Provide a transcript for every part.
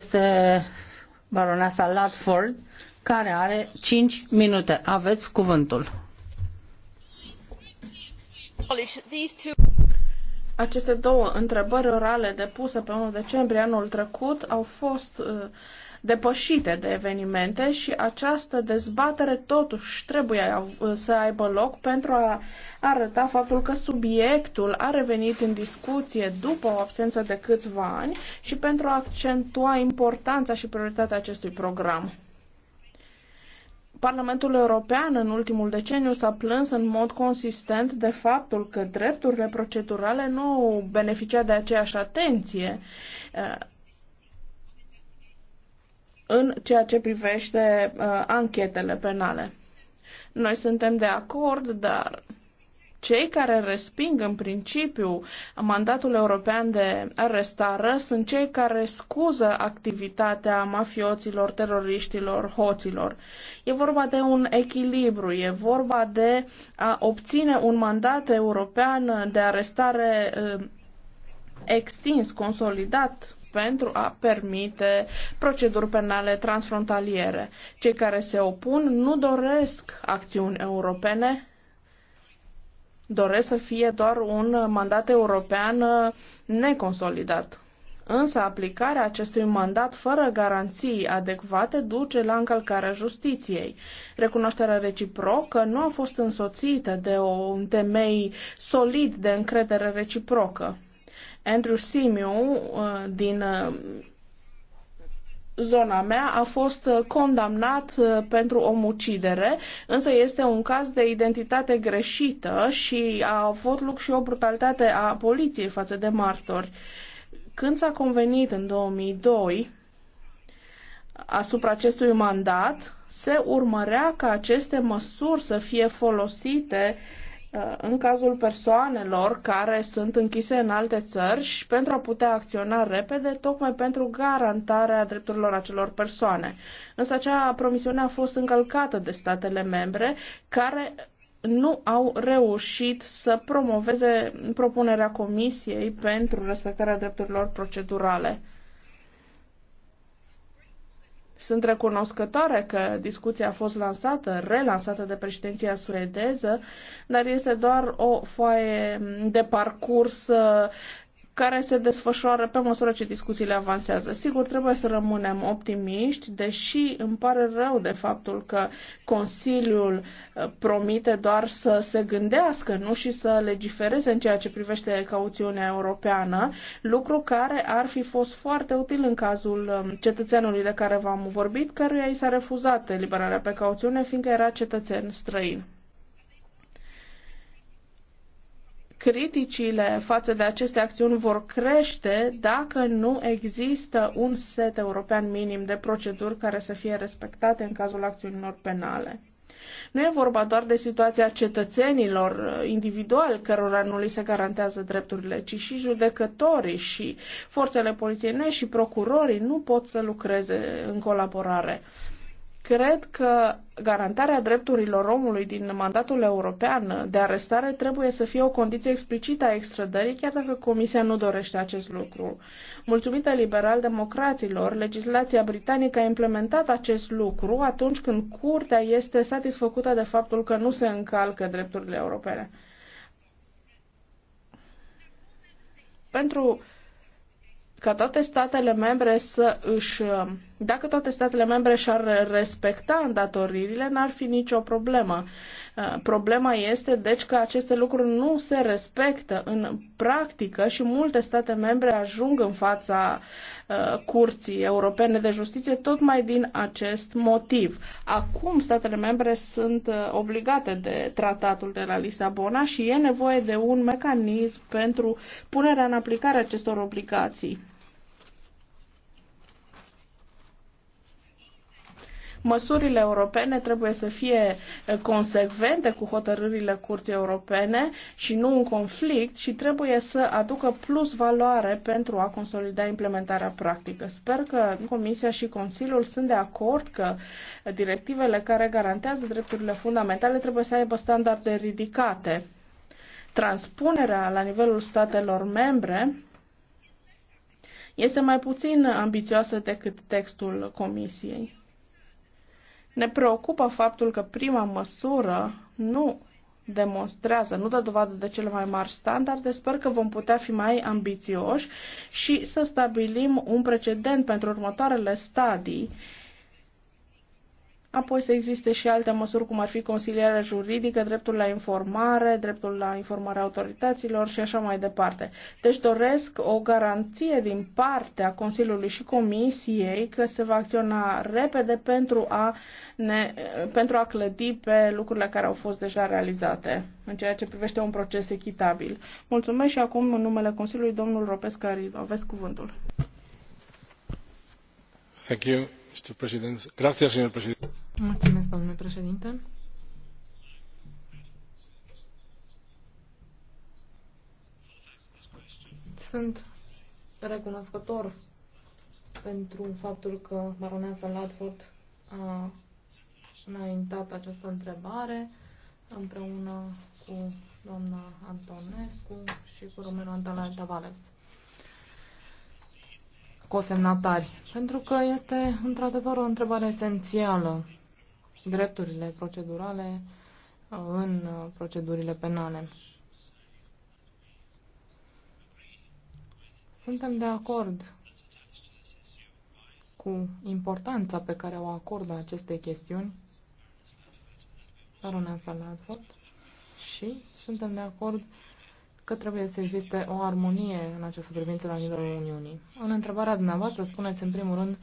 este baronesa Latford, care are 5 minute. Aveți cuvântul. Aceste două întrebări orale depuse pe 1 decembrie anul trecut au fost uh, depășite de evenimente și această dezbatere totuși trebuie să aibă loc pentru a arăta faptul că subiectul a revenit în discuție după o absență de câțiva ani și pentru a accentua importanța și prioritatea acestui program. Parlamentul European în ultimul deceniu s-a plâns în mod consistent de faptul că drepturile procedurale nu beneficia de aceeași atenție în ceea ce privește uh, anchetele penale. Noi suntem de acord, dar cei care resping în principiu mandatul european de arestare sunt cei care scuză activitatea mafioților, teroriștilor, hoților. E vorba de un echilibru, e vorba de a obține un mandat european de arestare uh, extins, consolidat, pentru a permite proceduri penale transfrontaliere. Cei care se opun nu doresc acțiuni europene, doresc să fie doar un mandat european neconsolidat. Însă aplicarea acestui mandat fără garanții adecvate duce la încălcarea justiției. Recunoașterea reciprocă nu a fost însoțită de un temei solid de încredere reciprocă. Andrew Simiu uh, din uh, zona mea a fost uh, condamnat pentru omucidere, însă este un caz de identitate greșită și a avut loc și o brutalitate a poliției față de martori. Când s-a convenit în 2002 asupra acestui mandat, se urmărea ca aceste măsuri să fie folosite uh, în cazul persoanelor care sunt închise în alte țări și pentru a putea acționa repede, tocmai pentru garantarea drepturilor acelor persoane. Însă acea promisiune a fost încălcată de statele membre care nu au reușit să promoveze propunerea Comisiei pentru respectarea drepturilor procedurale. Sunt recunoscătoare că discuția a fost lansată, relansată de președinția suedeză, dar este doar o foaie de parcurs care se desfășoară pe măsură ce discuțiile avansează. Sigur, trebuie să rămânem optimiști, deși îmi pare rău de faptul că Consiliul uh, promite doar să se gândească, nu și să legifereze în ceea ce privește cauțiunea europeană, lucru care ar fi fost foarte util în cazul um, cetățenului de care v-am vorbit, căruia i s-a refuzat eliberarea pe cauțiune, fiindcă era cetățen străin. criticile față de aceste acțiuni vor crește dacă nu există un set european minim de proceduri care să fie respectate în cazul acțiunilor penale. Nu e vorba doar de situația cetățenilor uh, individual cărora nu li se garantează drepturile, ci și judecătorii și forțele polițienești și procurorii nu pot să lucreze în colaborare. Cred că garantarea drepturilor omului din mandatul european de arestare trebuie să fie o condiție explicită a extrădării, chiar dacă Comisia nu dorește acest lucru. Mulțumită liberal-democraților, legislația britanică a implementat acest lucru atunci când curtea este satisfăcută de faptul că nu se încalcă drepturile europene. Pentru ca toate statele membre să își dacă toate statele membre și-ar respecta îndatoririle, n-ar fi nicio problemă. Uh, problema este, deci, că aceste lucruri nu se respectă în practică și multe state membre ajung în fața uh, Curții Europene de Justiție tot mai din acest motiv. Acum statele membre sunt uh, obligate de tratatul de la Lisabona și e nevoie de un mecanism pentru punerea în aplicare acestor obligații Măsurile europene trebuie să fie eh, consecvente cu hotărârile Curții Europene și nu un conflict și trebuie să aducă plus valoare pentru a consolida implementarea practică. Sper că Comisia și Consiliul sunt de acord că directivele care garantează drepturile fundamentale trebuie să aibă standarde ridicate. Transpunerea la nivelul statelor membre este mai puțin ambițioasă decât textul Comisiei. Ne preocupă faptul că prima măsură nu demonstrează, nu dă dovadă de cele mai mari standarde, sper că vom putea fi mai ambițioși și să stabilim un precedent pentru următoarele stadii Apoi să existe și alte măsuri, cum ar fi consilierea juridică, dreptul la informare, dreptul la informarea autorităților și așa mai departe. Deci doresc o garanție din partea Consiliului și Comisiei că se va acționa repede pentru a, ne, pentru a clădi pe lucrurile care au fost deja realizate, în ceea ce privește un proces echitabil. Mulțumesc și acum, în numele Consiliului, domnul Ropescu, aveți cuvântul. Thank you, Mr. President. Gracias, señor presidente. Mulțumesc, domnule președinte. Sunt recunoscător pentru faptul că baroneasa Ladford a înaintat această întrebare împreună cu doamna Antonescu și cu Romero Antalaya Tavares cosemnatari, pentru că este într-adevăr o întrebare esențială drepturile procedurale uh, în uh, procedurile penale. Suntem de acord cu importanța pe care o acordă aceste chestiuni, Ronan vot. și suntem de acord că trebuie să existe o armonie în această privință la nivelul Uniunii. În întrebarea dumneavoastră spuneți în primul rând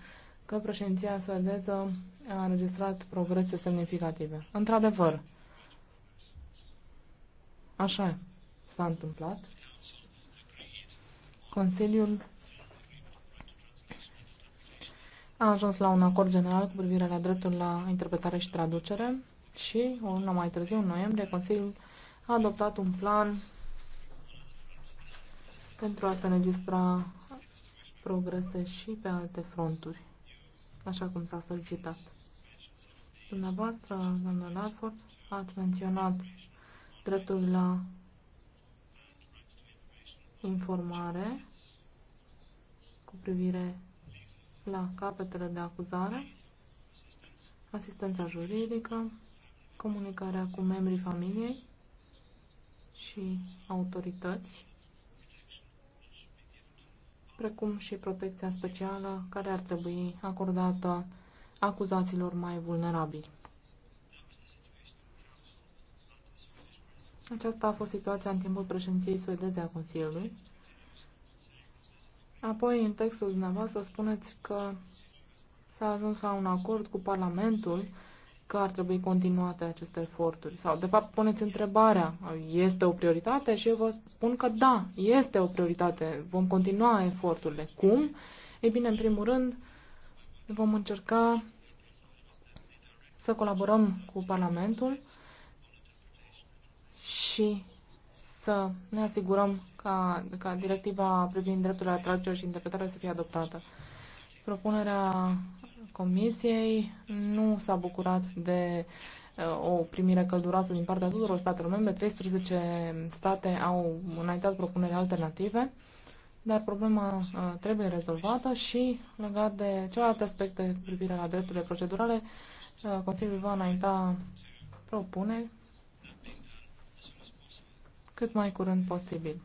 că președinția suedeză a înregistrat progrese semnificative. Într-adevăr, așa s-a întâmplat. Consiliul a ajuns la un acord general cu privire la dreptul la interpretare și traducere și, o lună mai târziu, în noiembrie, Consiliul a adoptat un plan pentru a se înregistra progrese și pe alte fronturi așa cum s-a solicitat. Dumneavoastră, domnul Ladford, ați menționat dreptul la informare cu privire la capetele de acuzare, asistența juridică, comunicarea cu membrii familiei și autorități, precum și protecția specială care ar trebui acordată acuzaților mai vulnerabili. Aceasta a fost situația în timpul președinției suedeze a Consiliului. Apoi, în textul dumneavoastră, spuneți că s-a ajuns la un acord cu Parlamentul că ar trebui continuate aceste eforturi? Sau, de fapt, puneți întrebarea, este o prioritate? Și eu vă spun că da, este o prioritate. Vom continua eforturile. Cum? Ei bine, în primul rând, vom încerca să colaborăm cu Parlamentul și să ne asigurăm ca, ca directiva privind drepturile la traducere și interpretare să fie adoptată. Propunerea Comisiei nu s-a bucurat de uh, o primire călduroasă din partea tuturor statelor membre. 13 state au înaintat propuneri alternative, dar problema uh, trebuie rezolvată și legat de celelalte aspecte cu privire la drepturile procedurale, uh, Consiliul va înainta propuneri cât mai curând posibil.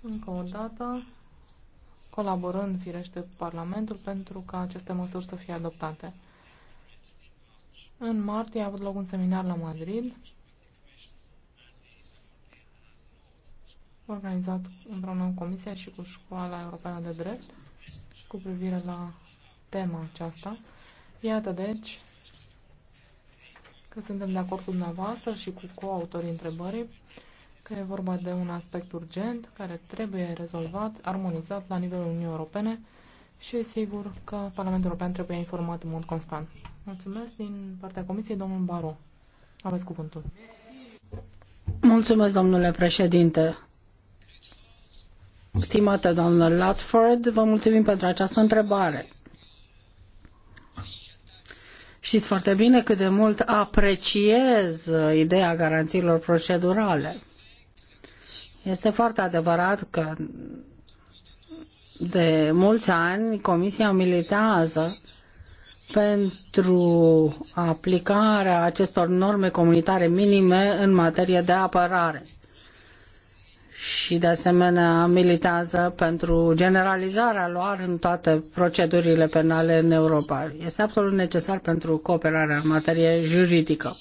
Încă o dată, colaborând, firește, cu Parlamentul pentru ca aceste măsuri să fie adoptate. În martie a avut loc un seminar la Madrid, organizat împreună cu Comisia și cu Școala Europeană de Drept, cu privire la tema aceasta. Iată, deci, că suntem de acord cu dumneavoastră și cu coautorii întrebării că e vorba de un aspect urgent care trebuie rezolvat, armonizat la nivelul Uniunii Europene și sigur că Parlamentul European trebuie informat în mod constant. Mulțumesc din partea Comisiei, domnul Baro. Aveți cuvântul. Mulțumesc, domnule președinte. Stimată doamnă Latford, vă mulțumim pentru această întrebare. Știți foarte bine cât de mult apreciez ideea garanțiilor procedurale. Este foarte adevărat că de mulți ani Comisia militează pentru aplicarea acestor norme comunitare minime în materie de apărare. Și de asemenea militează pentru generalizarea lor în toate procedurile penale în Europa. Este absolut necesar pentru cooperarea în materie juridică.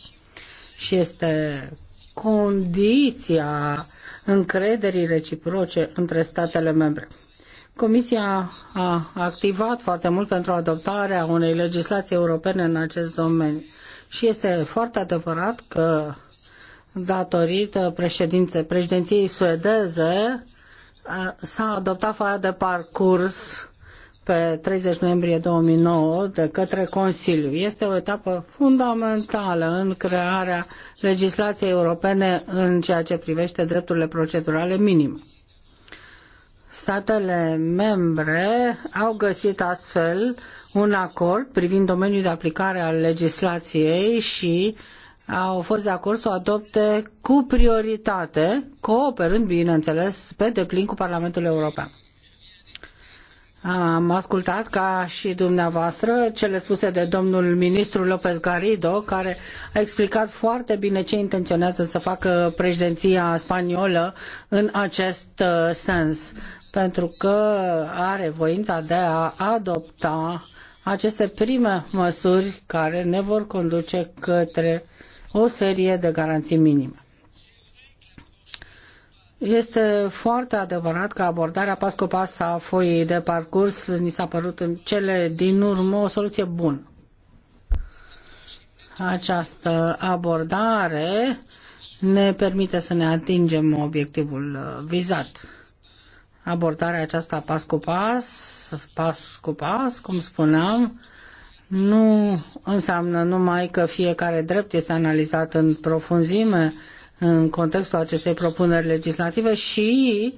Și este condiția încrederii reciproce între statele membre. Comisia a activat foarte mult pentru adoptarea unei legislații europene în acest domeniu și este foarte adevărat că datorită președinției suedeze s-a adoptat foaia de parcurs pe 30 noiembrie 2009 de către Consiliu. Este o etapă fundamentală în crearea legislației europene în ceea ce privește drepturile procedurale minime. Statele membre au găsit astfel un acord privind domeniul de aplicare al legislației și au fost de acord să o adopte cu prioritate, cooperând, bineînțeles, pe deplin cu Parlamentul European. Am ascultat ca și dumneavoastră cele spuse de domnul ministru López Garrido, care a explicat foarte bine ce intenționează să facă președinția spaniolă în acest uh, sens, pentru că are voința de a adopta aceste prime măsuri care ne vor conduce către o serie de garanții minime. Este foarte adevărat că abordarea pas cu pas a foii de parcurs ni s-a părut în cele din urmă o soluție bună. Această abordare ne permite să ne atingem obiectivul uh, vizat. Abordarea aceasta pas cu pas, pas cu pas, cum spuneam, nu înseamnă numai că fiecare drept este analizat în profunzime, în contextul acestei propuneri legislative și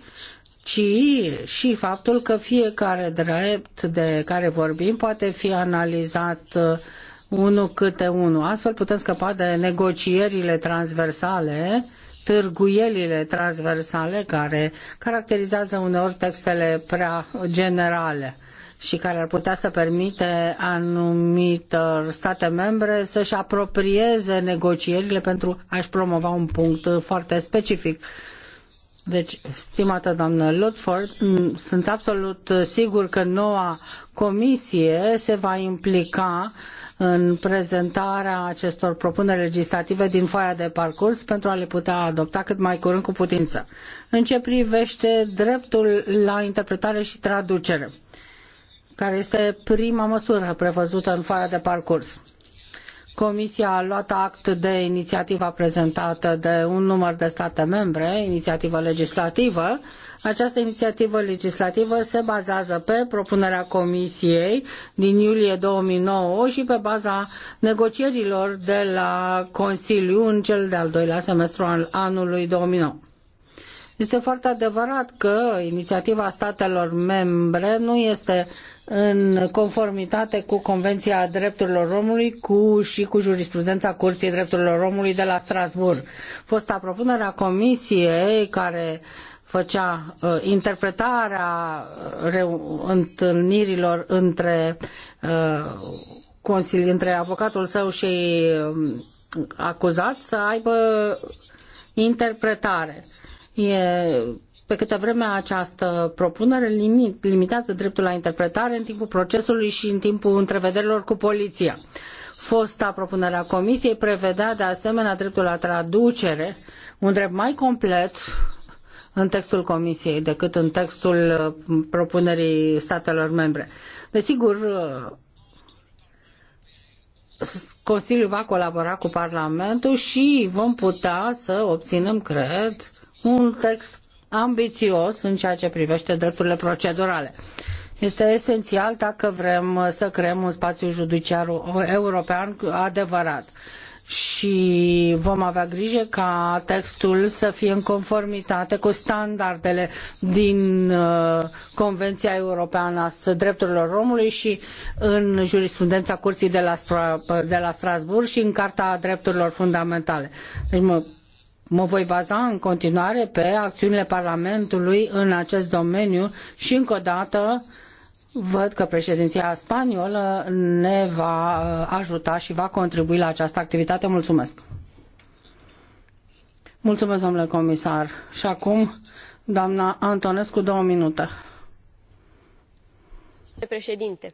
ci și faptul că fiecare drept de care vorbim poate fi analizat uh, unul câte unul. Astfel putem scăpa de negocierile transversale, târguielile transversale care caracterizează uneori textele prea generale și care ar putea să permite anumitor state membre să-și apropieze negocierile pentru a-și promova un punct foarte specific. Deci, stimată doamnă Ludford, sunt absolut sigur că noua comisie se va implica în prezentarea acestor propuneri legislative din foaia de parcurs pentru a le putea adopta cât mai curând cu putință. În ce privește dreptul la interpretare și traducere care este prima măsură prevăzută în foaia de parcurs. Comisia a luat act de inițiativa prezentată de un număr de state membre, inițiativă legislativă. Această inițiativă legislativă se bazează pe propunerea Comisiei din iulie 2009 și pe baza negocierilor de la Consiliu în cel de-al doilea semestru al anului 2009. Este foarte adevărat că inițiativa statelor membre nu este în conformitate cu Convenția Drepturilor Omului cu, și cu jurisprudența Curții Drepturilor Omului de la Strasbourg. Fosta propunerea comisiei care făcea uh, interpretarea uh, întâlnirilor între, uh, între avocatul său și uh, acuzat să aibă interpretare. E, pe câtă vreme această propunere limit, limitează dreptul la interpretare în timpul procesului și în timpul întrevederilor cu poliția. Fosta propunere a comisiei prevedea de asemenea dreptul la traducere, un drept mai complet în textul Comisiei decât în textul uh, propunerii statelor membre. Desigur, uh, Consiliul va colabora cu Parlamentul și vom putea să obținem, cred, un text ambițios în ceea ce privește drepturile procedurale. Este esențial dacă vrem să creăm un spațiu judiciar european adevărat și vom avea grijă ca textul să fie în conformitate cu standardele din uh, Convenția Europeană a Drepturilor Omului și în jurisprudența Curții de la, Stra- de la Strasburg și în Carta Drepturilor Fundamentale. Deci mă Mă voi baza în continuare pe acțiunile Parlamentului în acest domeniu și încă o dată văd că președinția spaniolă ne va uh, ajuta și va contribui la această activitate. Mulțumesc! Mulțumesc, domnule comisar. Și acum, doamna Antonescu, două minute. Președinte,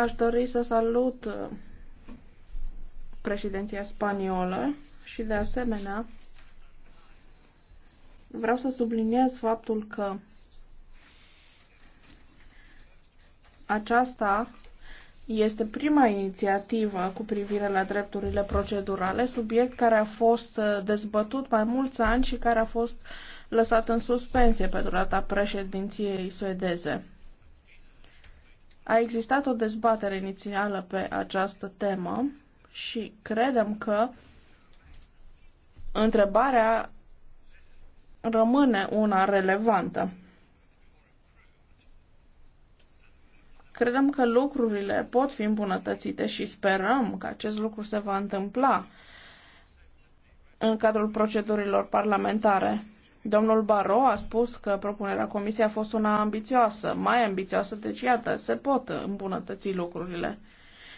Aș dori să salut uh, președinția spaniolă și, de asemenea, vreau să subliniez faptul că aceasta este prima inițiativă cu privire la drepturile procedurale, subiect care a fost uh, dezbătut mai mulți ani și care a fost lăsat în suspensie pe durata președinției suedeze. A existat o dezbatere inițială pe această temă și credem că întrebarea rămâne una relevantă. Credem că lucrurile pot fi îmbunătățite și sperăm că acest lucru se va întâmpla în cadrul procedurilor parlamentare. Domnul Baro a spus că propunerea comisiei a fost una ambițioasă, mai ambițioasă, deci iată, se pot îmbunătăți lucrurile.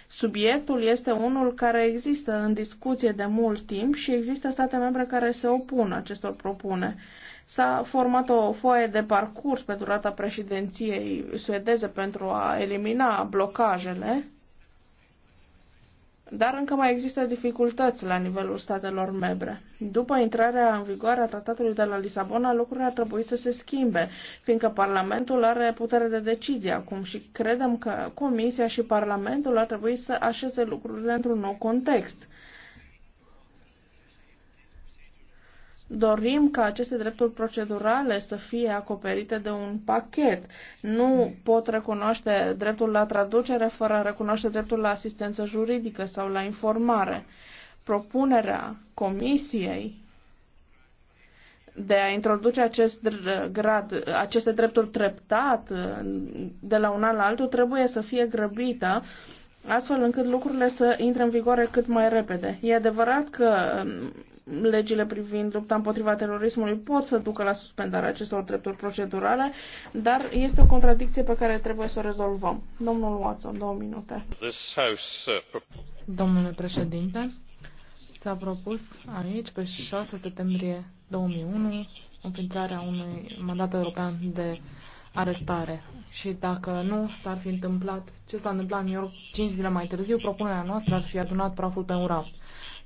Subiectul este unul care există în discuție de mult timp și există state membre care se opun acestor propune. S-a format o foaie de parcurs pe durata președinției suedeze pentru a elimina blocajele dar încă mai există dificultăți la nivelul statelor membre. După intrarea în vigoare a tratatului de la Lisabona, lucrurile ar trebui să se schimbe, fiindcă Parlamentul are putere de decizie acum și credem că Comisia și Parlamentul ar trebui să așeze lucrurile într-un nou context. Dorim ca aceste drepturi procedurale să fie acoperite de un pachet. Nu pot recunoaște dreptul la traducere fără a recunoaște dreptul la asistență juridică sau la informare. Propunerea Comisiei de a introduce acest grad, aceste drepturi treptat de la un an la altul trebuie să fie grăbită astfel încât lucrurile să intre în vigoare cât mai repede. E adevărat că legile privind lupta împotriva terorismului pot să ducă la suspendarea acestor drepturi procedurale, dar este o contradicție pe care trebuie să o rezolvăm. Domnul Watson, două minute. Uh, Domnule președinte, s-a propus aici, pe 6 septembrie 2001, înființarea unui mandat european de arestare. Și dacă nu s-ar fi întâmplat ce s-a întâmplat în New York 5 zile mai târziu, propunerea noastră ar fi adunat praful pe un raft.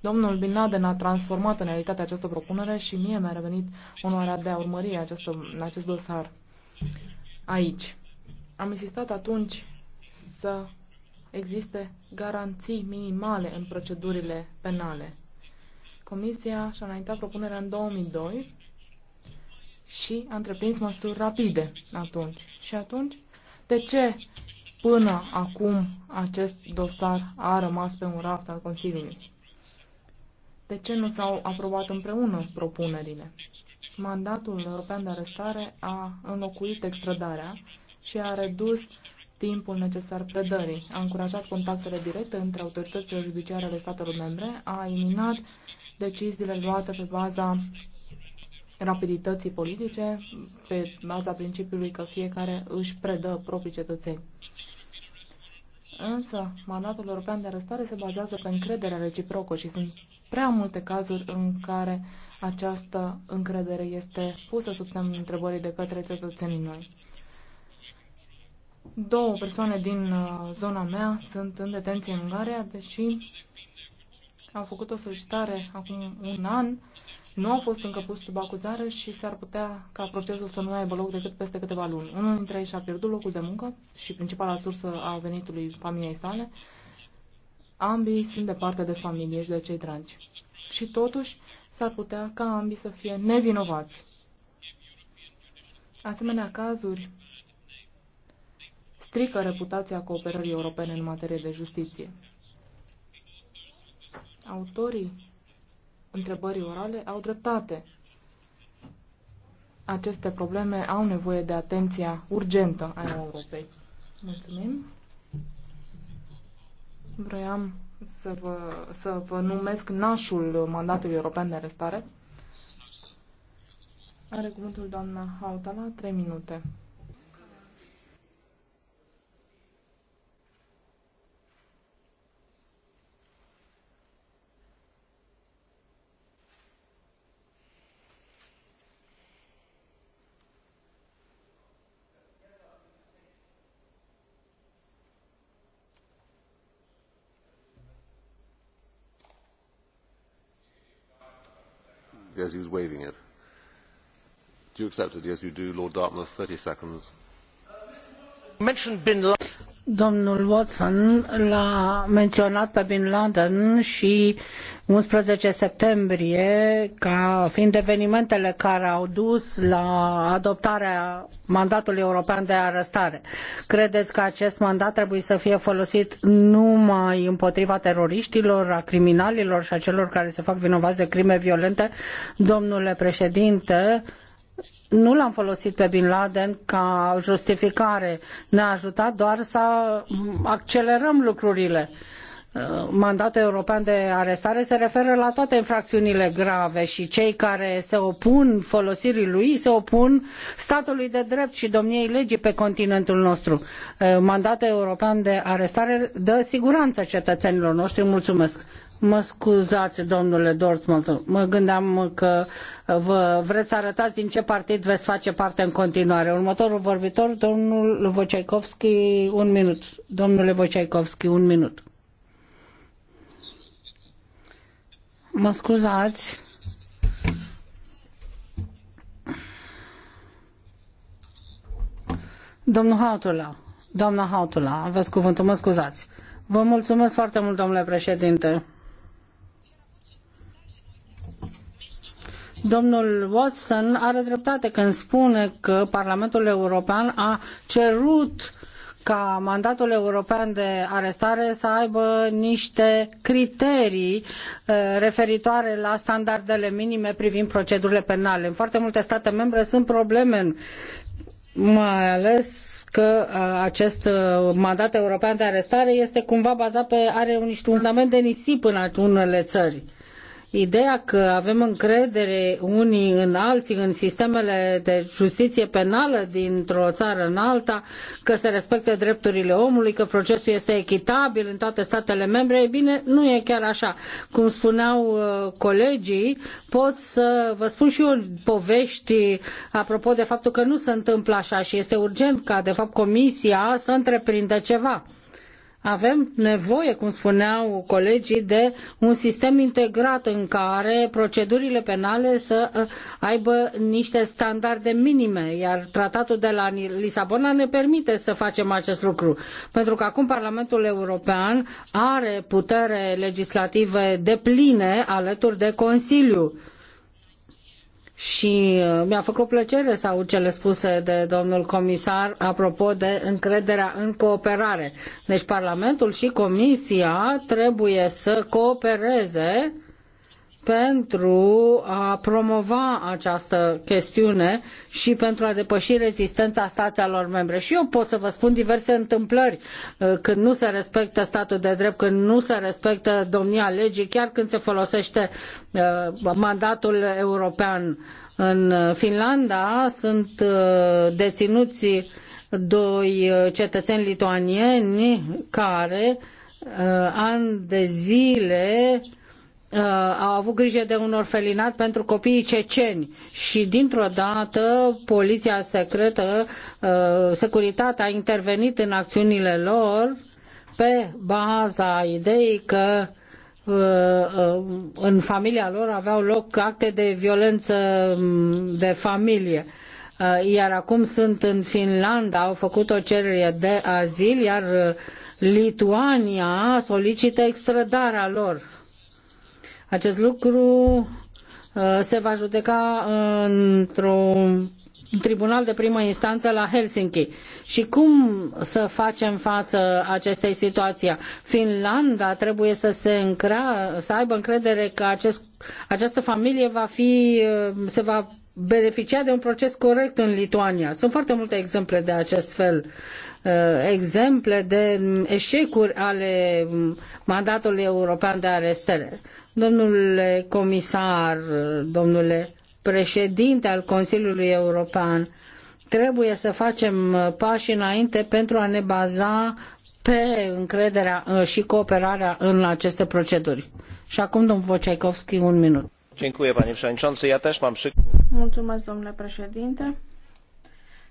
Domnul Bin Laden a transformat în realitate această propunere și mie mi-a revenit onoarea de a urmări acest, acest dosar aici. Am insistat atunci să existe garanții minimale în procedurile penale. Comisia și-a înaintat propunerea în 2002 și a întreprins măsuri rapide atunci. Și atunci, de ce până acum acest dosar a rămas pe un raft al Consiliului? de ce nu s-au aprobat împreună propunerile. Mandatul european de arestare a înlocuit extradarea și a redus timpul necesar predării, a încurajat contactele directe între autoritățile judiciare ale statelor membre, a eliminat deciziile luate pe baza rapidității politice, pe baza principiului că fiecare își predă proprii cetățeni. Însă, mandatul european de arestare se bazează pe încrederea reciprocă și sunt prea multe cazuri în care această încredere este pusă sub semnul întrebării de către cetățenii noi. Două persoane din uh, zona mea sunt în detenție în Ungaria, deși au făcut o solicitare acum un an, nu au fost încă pus sub acuzare și s-ar putea ca procesul să nu aibă loc decât peste câteva luni. Unul dintre ei și-a pierdut locul de muncă și principala sursă a venitului familiei sale, ambii sunt departe de familie și de cei dragi. Și totuși s-ar putea ca ambii să fie nevinovați. Asemenea cazuri strică reputația cooperării europene în materie de justiție. Autorii întrebării orale au dreptate. Aceste probleme au nevoie de atenția urgentă a Europei. Mulțumim. Vroiam să vă, să vă numesc nașul mandatului european de arestare. Are cuvântul doamna Hautala, 3 minute. as he was waving it. Do you accept it? Yes, you do. Lord Dartmouth, 30 seconds. Uh, mentioned bin Laden. Domnul Watson l-a menționat pe Bin Laden și 11 septembrie ca fiind evenimentele care au dus la adoptarea mandatului european de arestare. Credeți că acest mandat trebuie să fie folosit numai împotriva teroriștilor, a criminalilor și a celor care se fac vinovați de crime violente? Domnule președinte, nu l-am folosit pe Bin Laden ca justificare. Ne-a ajutat doar să accelerăm lucrurile. Uh, mandatul european de arestare se referă la toate infracțiunile grave și cei care se opun folosirii lui se opun statului de drept și domniei legii pe continentul nostru. Uh, mandatul european de arestare dă siguranță cetățenilor noștri. Mulțumesc! Mă scuzați, domnule Dortmund, mă gândeam că vă vreți să arătați din ce partid veți face parte în continuare. Următorul vorbitor, domnul Wojciechowski, un minut. Domnule Wojciechowski, un minut. Mă scuzați. Domnul Hautula, domnul Hautula, aveți cuvântul, mă scuzați. Vă mulțumesc foarte mult, domnule președinte. Domnul Watson are dreptate când spune că Parlamentul European a cerut ca mandatul european de arestare să aibă niște criterii eh, referitoare la standardele minime privind procedurile penale. În foarte multe state membre sunt probleme mai ales că eh, acest eh, mandat european de arestare este cumva bazat pe, are un fundament de nisip în unele țări. Ideea că avem încredere unii în alții, în sistemele de justiție penală dintr-o țară în alta, că se respectă drepturile omului, că procesul este echitabil în toate statele membre, e bine, nu e chiar așa. Cum spuneau uh, colegii, pot să vă spun și eu povești apropo de faptul că nu se întâmplă așa și este urgent ca, de fapt, Comisia să întreprindă ceva avem nevoie, cum spuneau colegii, de un sistem integrat în care procedurile penale să uh, aibă niște standarde minime, iar tratatul de la Lisabona ne permite să facem acest lucru. Pentru că acum Parlamentul European are putere legislative depline alături de Consiliu și uh, mi-a făcut plăcere să aud cele spuse de domnul comisar apropo de încrederea în cooperare. Deci Parlamentul și Comisia trebuie să coopereze pentru a promova această chestiune și pentru a depăși rezistența statelor membre. Și eu pot să vă spun diverse întâmplări uh, când nu se respectă statul de drept, când nu se respectă domnia legii, chiar când se folosește uh, mandatul european. În Finlanda sunt uh, deținuți doi cetățeni lituanieni care ani de zile Uh, au avut grijă de un orfelinat pentru copiii ceceni și dintr-o dată poliția secretă, uh, securitatea a intervenit în acțiunile lor pe baza ideii că uh, în familia lor aveau loc acte de violență um, de familie iar acum sunt în Finlanda, au făcut o cerere de azil, iar Lituania solicită extradarea lor. Acest lucru uh, se va judeca într-un tribunal de primă instanță la Helsinki. Și cum să facem față acestei situații? Finlanda trebuie să se încrea, să aibă încredere că acest, această familie va fi, uh, se va beneficia de un proces corect în Lituania. Sunt foarte multe exemple de acest fel, uh, exemple de mm, eșecuri ale mm, mandatului european de arestare. Domnule comisar, domnule președinte al Consiliului European, trebuie să facem uh, pași înainte pentru a ne baza pe încrederea uh, și cooperarea în aceste proceduri. Și acum, domnul Wojciechowski, un minut. Mulțumesc, domnule președinte.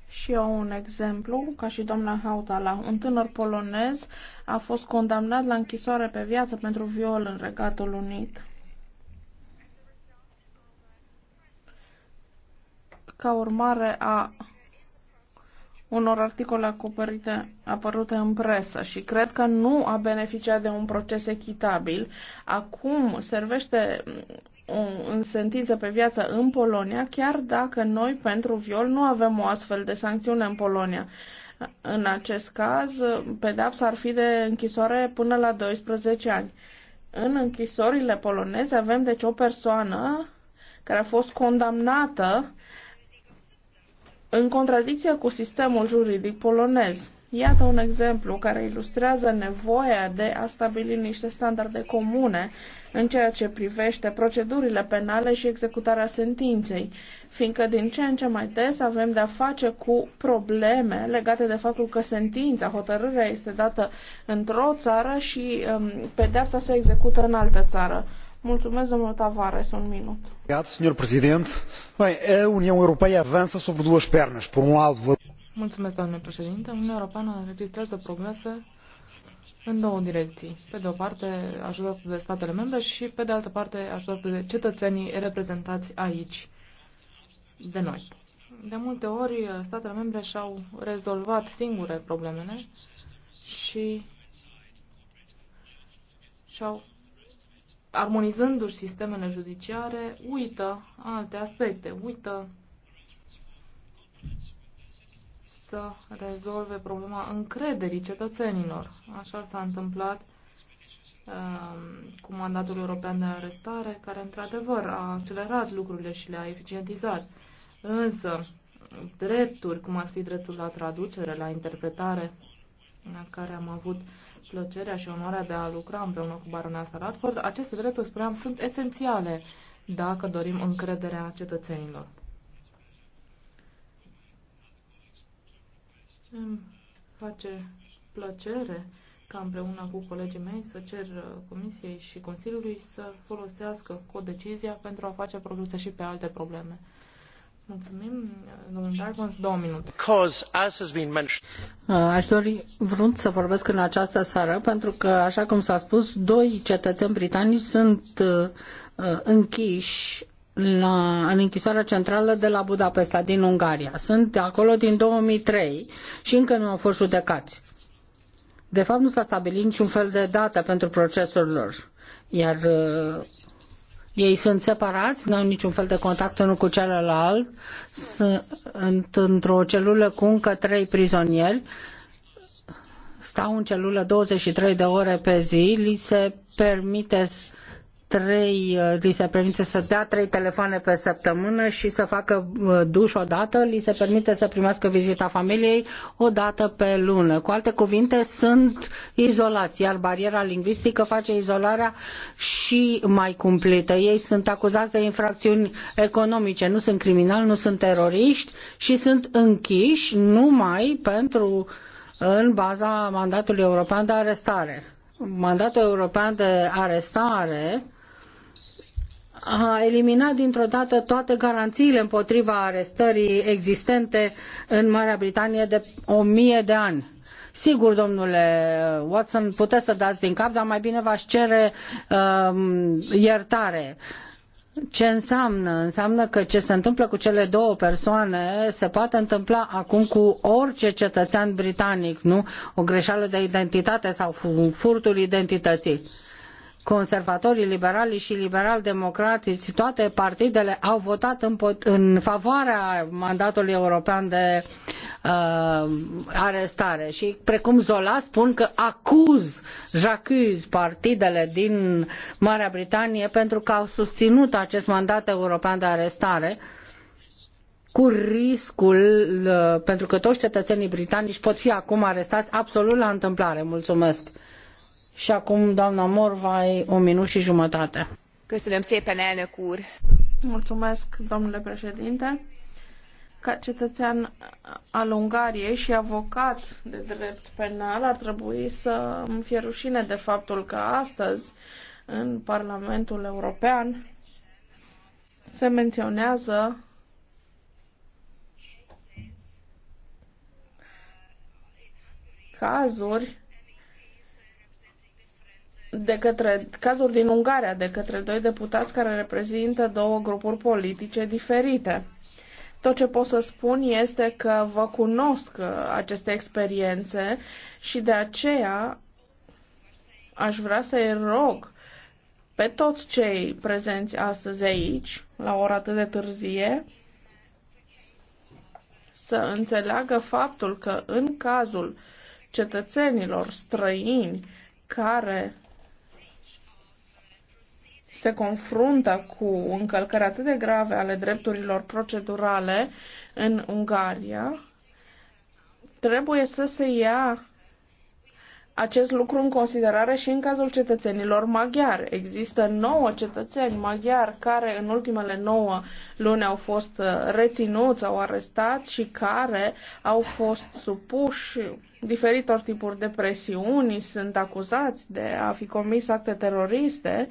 Și eu un exemplu, ca și doamna Hautala. Un tânăr polonez a fost condamnat la închisoare pe viață pentru viol în Regatul Unit. Ca urmare a unor articole acoperite, apărute în presă și cred că nu a beneficiat de un proces echitabil. Acum servește în sentință pe viață în Polonia, chiar dacă noi pentru viol nu avem o astfel de sancțiune în Polonia. În acest caz, pedepsa ar fi de închisoare până la 12 ani. În închisorile poloneze avem deci o persoană care a fost condamnată în contradicție cu sistemul juridic polonez. Iată un exemplu care ilustrează nevoia de a stabili niște standarde comune în ceea ce privește procedurile penale și executarea sentinței, fiindcă din ce în ce mai des avem de-a face cu probleme legate de faptul că sentința, hotărârea este dată într-o țară și um, pedeapsa se execută în altă țară. Mulțumesc, domnul Tavares, un minut. Senhor Presidente, bem, a União Europeia avança sobre duas pernas. Por um lado, Mulțumesc, doamne președinte. Uniunea Europeană înregistrează progrese în două direcții. Pe de o parte, ajutat de statele membre și, pe de altă parte, ajutat de cetățenii reprezentați aici de noi. De multe ori, statele membre și-au rezolvat singure problemele și și-au armonizându-și sistemele judiciare, uită alte aspecte, uită să rezolve problema încrederii cetățenilor. Așa s-a întâmplat um, cu mandatul european de arestare, care într-adevăr a accelerat lucrurile și le-a eficientizat. Însă, drepturi, cum ar fi dreptul la traducere, la interpretare, la care am avut plăcerea și onoarea de a lucra împreună cu baroneasa Radford, aceste drepturi, spuneam, sunt esențiale dacă dorim încrederea cetățenilor. Îmi face plăcere ca împreună cu colegii mei să cer uh, Comisiei și Consiliului să folosească codecizia pentru a face progrese și pe alte probleme. Mulțumim, domnul Dragons, două minute. Cause, as has been mentioned. Uh, aș dori vrut să vorbesc în această seară pentru că, așa cum s-a spus, doi cetățeni britanici sunt uh, uh închiși la, în închisoarea centrală de la Budapesta, din Ungaria. Sunt acolo din 2003 și încă nu au fost judecați. De fapt, nu s-a stabilit niciun fel de dată pentru procesul lor. Iar uh, ei sunt separați, nu au niciun fel de contact unul cu celălalt, sunt într-o celulă cu încă trei prizonieri, stau în celulă 23 de ore pe zi, li se permite trei, uh, li se permite să dea trei telefoane pe săptămână și să facă uh, duș o dată, li se permite să primească vizita familiei o dată pe lună. Cu alte cuvinte, sunt izolați, iar bariera lingvistică face izolarea și mai cumplită. Ei sunt acuzați de infracțiuni economice, nu sunt criminali, nu sunt teroriști și sunt închiși numai pentru în baza mandatului european de arestare mandatul european de arestare a eliminat dintr-o dată toate garanțiile împotriva arestării existente în Marea Britanie de o mie de ani. Sigur, domnule Watson, puteți să dați din cap, dar mai bine v-aș cere um, iertare. Ce înseamnă? Înseamnă că ce se întâmplă cu cele două persoane se poate întâmpla acum cu orice cetățean britanic, nu? O greșeală de identitate sau furtul identității conservatorii, liberalii și liberal-democratici, toate partidele au votat în, în favoarea mandatului european de uh, arestare. Și precum Zola spun că acuz, jacuz partidele din Marea Britanie pentru că au susținut acest mandat european de arestare cu riscul, uh, pentru că toți cetățenii britanici pot fi acum arestați absolut la întâmplare. Mulțumesc! Și acum, doamna Morvai, un minut și jumătate. Köszönöm szépen, elnök úr! Mulțumesc, domnule președinte! Ca cetățean al Ungariei și avocat de drept penal, ar trebui să îmi fie rușine de faptul că astăzi, în Parlamentul European, se menționează cazuri de către cazuri din Ungaria de către doi deputați care reprezintă două grupuri politice diferite. Tot ce pot să spun este că vă cunosc aceste experiențe și de aceea aș vrea să-i rog pe toți cei prezenți astăzi aici, la ora atât de târzie, să înțeleagă faptul că în cazul cetățenilor străini care se confruntă cu încălcări atât de grave ale drepturilor procedurale în Ungaria, trebuie să se ia acest lucru în considerare și în cazul cetățenilor maghiari. Există nouă cetățeni maghiari care în ultimele nouă luni au fost uh, reținuți, au arestați și care au fost supuși diferitor tipuri de presiuni, sunt acuzați de a fi comis acte teroriste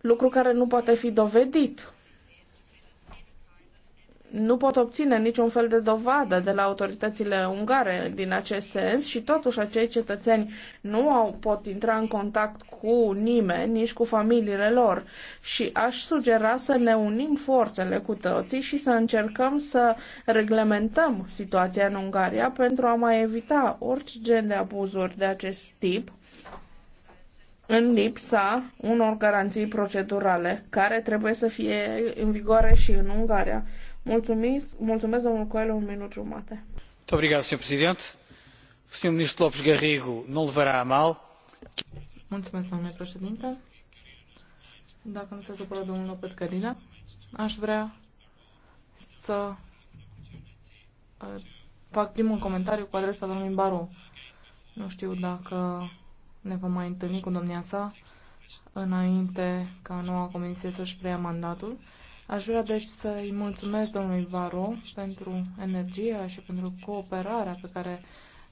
lucru care nu poate fi dovedit. Nu pot obține niciun fel de dovadă de la autoritățile ungare din acest sens și totuși acei cetățeni nu au, pot intra în contact cu nimeni, nici cu familiile lor. Și aș sugera să ne unim forțele cu toții și să încercăm să reglementăm situația în Ungaria pentru a mai evita orice gen de abuzuri de acest tip în lipsa unor garanții procedurale, care trebuie să fie în vigoare și în Ungaria. Mulțumesc, mulțumesc domnul Coelho, un minut jumate. Obrigado, Sr. Presidente. O Sr. Ministro Lopes Garrigo não levará a mal. Mulțumesc, domnule președinte. Dacă nu se supără domnul Lopez Carina, aș vrea să eh, fac primul comentariu cu adresa domnului Baru. Nu știu dacă ne vom mai întâlni cu domnia sa înainte ca noua comisie să-și preia mandatul. Aș vrea deci să-i mulțumesc domnului Varo pentru energia și pentru cooperarea pe care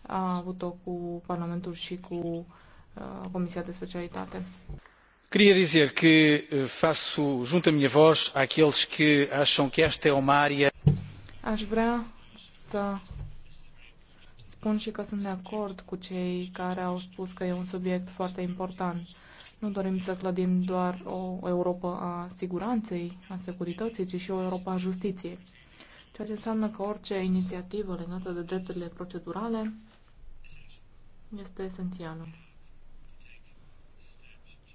a avut-o cu Parlamentul și cu uh, Comisia de Specialitate. Queria dizer que uh, faço junto a minha voz àqueles que acham que esta é uma área. Aș vrea să spun și că sunt de acord cu cei care au spus că e un subiect foarte important. Nu dorim să clădim doar o Europa a siguranței, a securității, ci și o Europa a justiției. Ceea ce înseamnă că orice inițiativă legată de drepturile procedurale este esențială.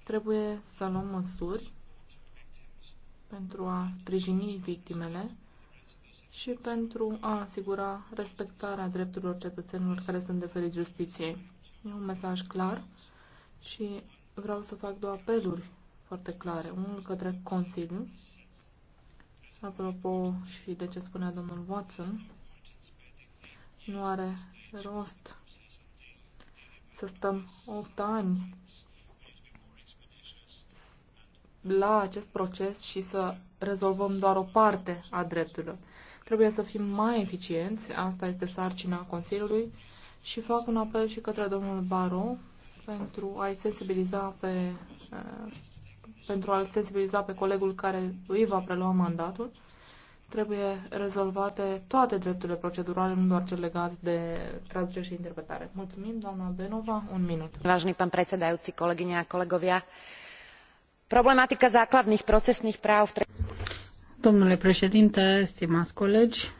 Trebuie să luăm măsuri pentru a sprijini victimele și pentru a asigura respectarea drepturilor cetățenilor care sunt deferiți justiției. E un mesaj clar și vreau să fac două apeluri foarte clare. Unul către Consiliu, apropo și de ce spunea domnul Watson, nu are rost să stăm 8 ani la acest proces și să rezolvăm doar o parte a drepturilor. Trebuie să fim mai eficienți, asta este sarcina Consiliului și fac un apel și către domnul Baro pentru a-i sensibiliza pe, eh, pentru a-l sensibiliza pe colegul care îi va prelua mandatul trebuie rezolvate toate drepturile procedurale, nu doar cel legat de traducere și interpretare. Mulțumim, doamna Benova, un minut. Vážený pán predsedajúci, kolegyne a kolegovia, problematika základných procesných práv... Domnule președinte, stimați colegi,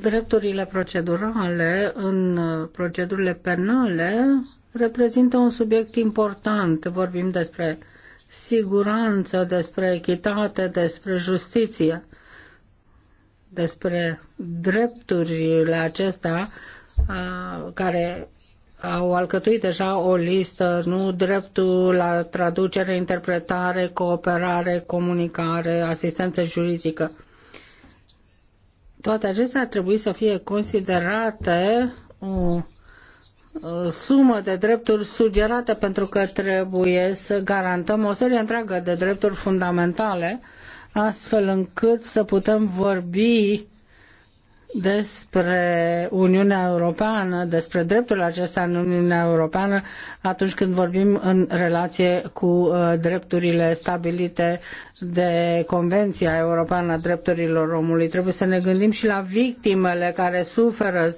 drepturile procedurale în procedurile penale reprezintă un subiect important. Vorbim despre siguranță, despre echitate, despre justiție, despre drepturile acestea care au alcătuit deja o listă, nu dreptul la traducere, interpretare, cooperare, comunicare, asistență juridică. Toate acestea ar trebui să fie considerate o sumă de drepturi sugerate pentru că trebuie să garantăm o serie întreagă de drepturi fundamentale astfel încât să putem vorbi despre Uniunea Europeană, despre dreptul acesta în Uniunea Europeană atunci când vorbim în relație cu uh, drepturile stabilite de Convenția Europeană a Drepturilor Omului. Trebuie să ne gândim și la victimele care suferă,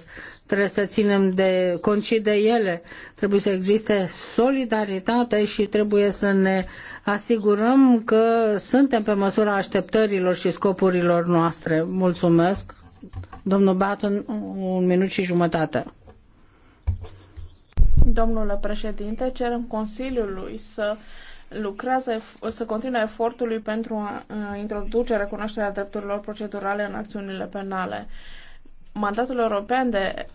trebuie să ținem de cont și de ele. Trebuie să existe solidaritate și trebuie să ne asigurăm că suntem pe măsura așteptărilor și scopurilor noastre. Mulțumesc! Domnul Baton, un minut și jumătate. Domnule președinte, cerem Consiliului să lucrează, să continue efortului pentru a introduce recunoașterea drepturilor procedurale în acțiunile penale. Mandatul european de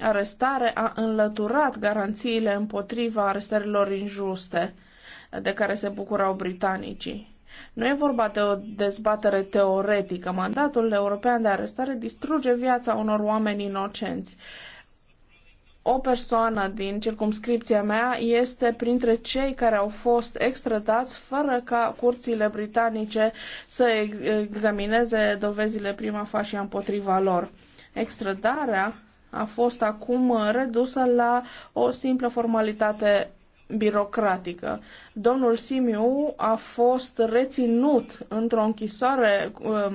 arestare a înlăturat garanțiile împotriva arestărilor injuste de care se bucurau britanicii. Nu e vorba de o dezbatere teoretică. Mandatul european de arestare distruge viața unor oameni inocenți o persoană din circumscripția mea este printre cei care au fost extradați fără ca curțile britanice să examineze dovezile prima facie împotriva lor. Extradarea a fost acum redusă la o simplă formalitate birocratică. Domnul Simiu a fost reținut într-o închisoare um,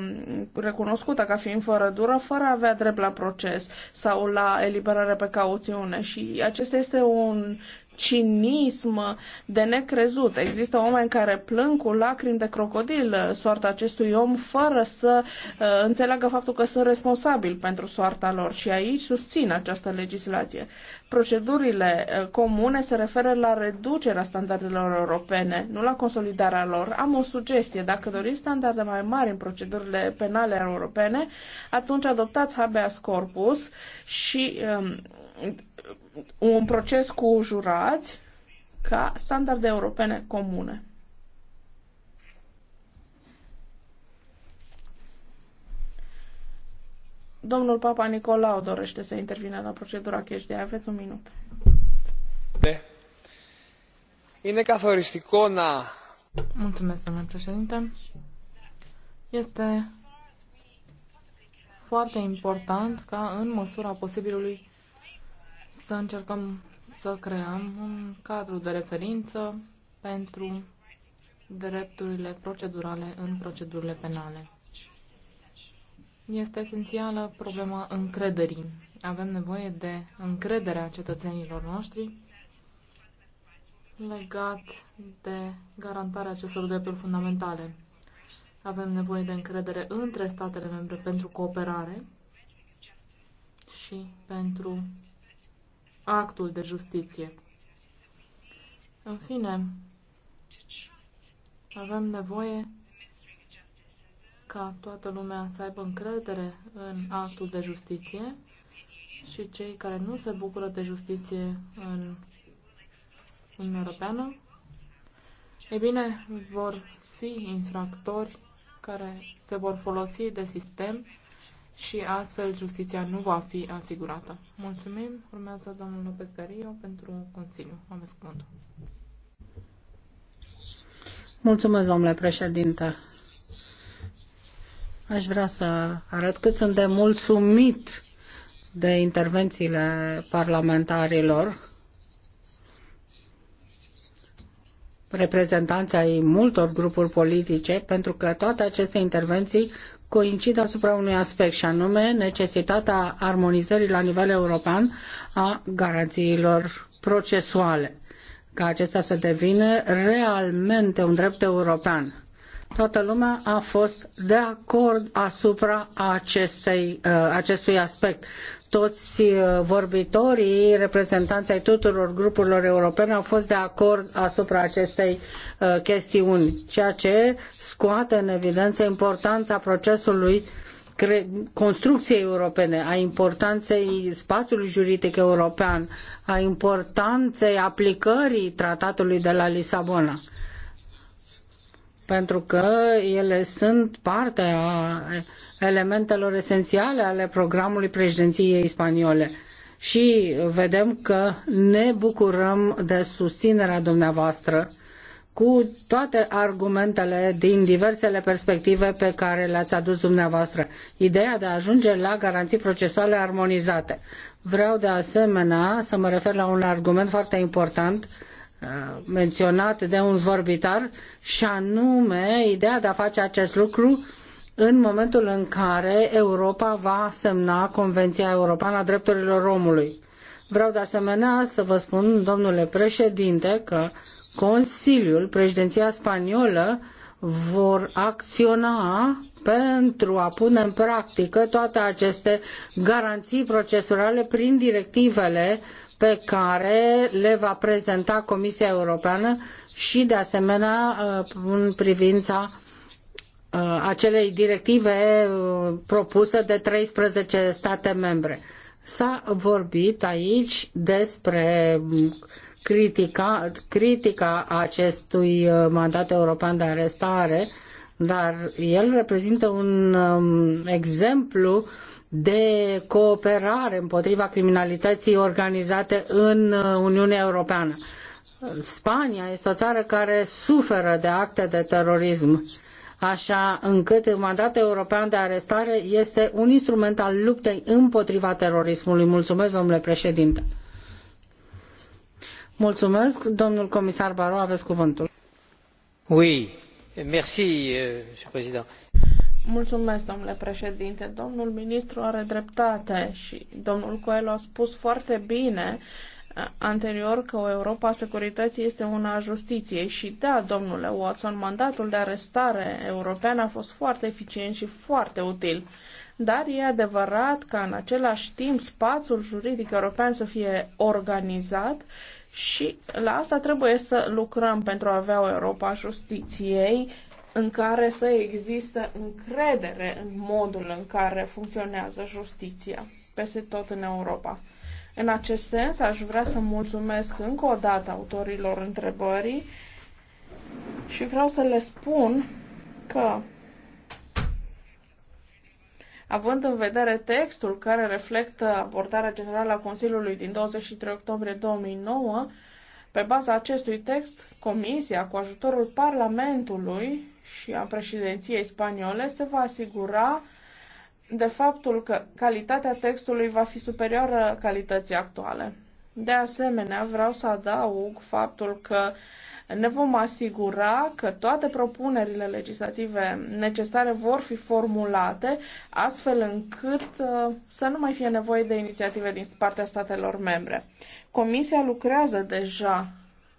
recunoscută ca fiind fără dură, fără a avea drept la proces sau la eliberare pe cauțiune. Și acesta este un cinism de necrezut. Există oameni care plâng cu lacrimi de crocodil soarta acestui om fără să uh, înțeleagă faptul că sunt responsabili pentru soarta lor și aici susțin această legislație. Procedurile eh, comune se referă la reducerea standardelor europene, nu la consolidarea lor. Am o sugestie. Dacă doriți standarde mai mari în procedurile penale europene, atunci adoptați habeas corpus și um, un proces cu jurați ca standarde europene comune. Domnul Papa Nicolau dorește să intervine la procedura cash de aveți un minut. Ine καθοριστικό να... Mulțumesc, domnule președinte. Este foarte important ca, în măsura posibilului, să încercăm să creăm un cadru de referință pentru drepturile procedurale în procedurile penale. Este esențială problema încrederii. Avem nevoie de încrederea cetățenilor noștri legat de garantarea acestor drepturi fundamentale. Avem nevoie de încredere între statele membre pentru cooperare și pentru actul de justiție. În fine, avem nevoie ca toată lumea să aibă încredere în actul de justiție și cei care nu se bucură de justiție în Uniunea Europeană, e bine, vor fi infractori care se vor folosi de sistem și astfel justiția nu va fi asigurată. Mulțumim. Urmează domnul Lopez Garillo pentru Consiliu. Aveți cuvântul. Mulțumesc, domnule președinte. Aș vrea să arăt cât sunt de mulțumit de intervențiile parlamentarilor, reprezentanța ai multor grupuri politice, pentru că toate aceste intervenții coincid asupra unui aspect și anume necesitatea armonizării la nivel european a garanțiilor procesuale, ca acesta să devină realmente un drept european Toată lumea a fost de acord asupra acestei, uh, acestui aspect. Toți uh, vorbitorii, reprezentanții tuturor grupurilor europene au fost de acord asupra acestei uh, chestiuni, ceea ce scoate în evidență importanța procesului construcției europene, a importanței spațiului juridic european, a importanței aplicării tratatului de la Lisabona pentru că ele sunt parte a elementelor esențiale ale programului președinției spaniole. Și vedem că ne bucurăm de susținerea dumneavoastră cu toate argumentele din diversele perspective pe care le-ați adus dumneavoastră. Ideea de a ajunge la garanții procesuale armonizate. Vreau de asemenea să mă refer la un argument foarte important uh, menționat de un vorbitor și anume ideea de a face acest lucru în momentul în care Europa va semna Convenția Europeană a Drepturilor Omului. Vreau de asemenea să vă spun, domnule președinte, că Consiliul, președinția spaniolă, vor acționa pentru a pune în practică toate aceste garanții procesurale prin directivele pe care le va prezenta Comisia Europeană și, de asemenea, uh, în privința uh, acelei directive uh, propuse de 13 state membre. S-a vorbit aici despre um, critica, critica acestui mandat european de arestare, dar el reprezintă un um, exemplu de cooperare împotriva criminalității organizate în uh, Uniunea Europeană. Spania este o țară care suferă de acte de terorism, așa încât mandatul european de arestare este un instrument al luptei împotriva terorismului. Mulțumesc, domnule președinte. Mulțumesc, domnul comisar Baro, aveți cuvântul. Oui, merci, monsieur président. Mulțumesc, domnule președinte. Domnul ministru are dreptate și domnul Coelho a spus foarte bine uh, anterior că o Europa a securității este una a justiției și da, domnule Watson, mandatul de arestare european a fost foarte eficient și foarte util. Dar e adevărat că în același timp spațiul juridic european să fie organizat și la asta trebuie să lucrăm pentru a avea o Europa a justiției în care să existe încredere în modul în care funcționează justiția peste tot în Europa. În acest sens, aș vrea să mulțumesc încă o dată autorilor întrebării și vreau să le spun că, având în vedere textul care reflectă abordarea generală a Consiliului din 23 octombrie 2009, pe baza acestui text, Comisia, cu ajutorul Parlamentului, și a președinției spaniole se va asigura de faptul că calitatea textului va fi superioară calității actuale. De asemenea, vreau să adaug faptul că ne vom asigura că toate propunerile legislative necesare vor fi formulate astfel încât uh, să nu mai fie nevoie de inițiative din partea statelor membre. Comisia lucrează deja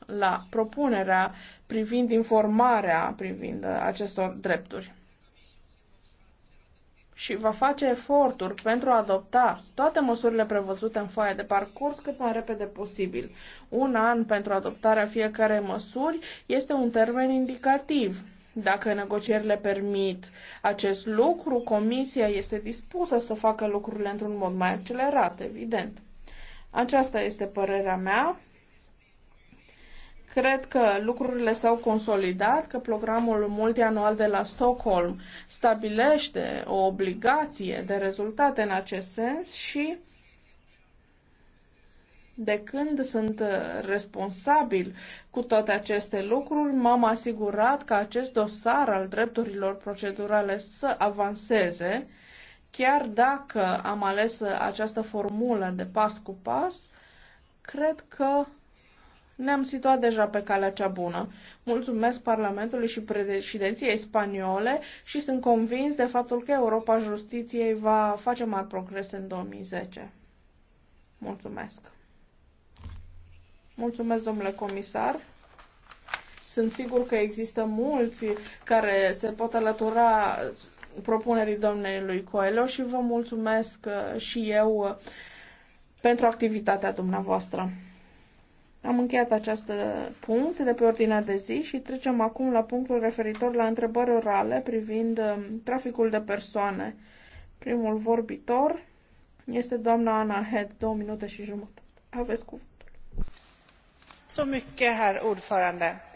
la propunerea privind informarea privind uh, acestor drepturi. Și va face eforturi pentru a adopta toate măsurile prevăzute în foaia de parcurs cât mai repede posibil. Un an pentru adoptarea fiecare măsuri este un termen indicativ. Dacă negocierile permit acest lucru, Comisia este dispusă să facă lucrurile într-un mod mai accelerat, evident. Aceasta este părerea mea Cred că lucrurile s-au consolidat, că programul multianual de la Stockholm stabilește o obligație de rezultate în acest sens și de când sunt responsabil cu toate aceste lucruri, m-am asigurat că acest dosar al drepturilor procedurale să avanseze, chiar dacă am ales această formulă de pas cu pas, cred că ne-am situat deja pe calea cea bună. Mulțumesc Parlamentului și președinției spaniole și sunt convins de faptul că Europa Justiției va face mari progrese în 2010. Mulțumesc! Mulțumesc, domnule comisar! Sunt sigur că există mulți care se pot alătura propunerii domnului Coelho și vă mulțumesc și eu pentru activitatea dumneavoastră. Am încheiat acest punct de pe ordinea de zi și trecem acum la punctul referitor la întrebări orale privind um, traficul de persoane. Primul vorbitor este doamna Ana Head, două minute și jumătate. Aveți cuvântul. Så mycket, domnule ordförande.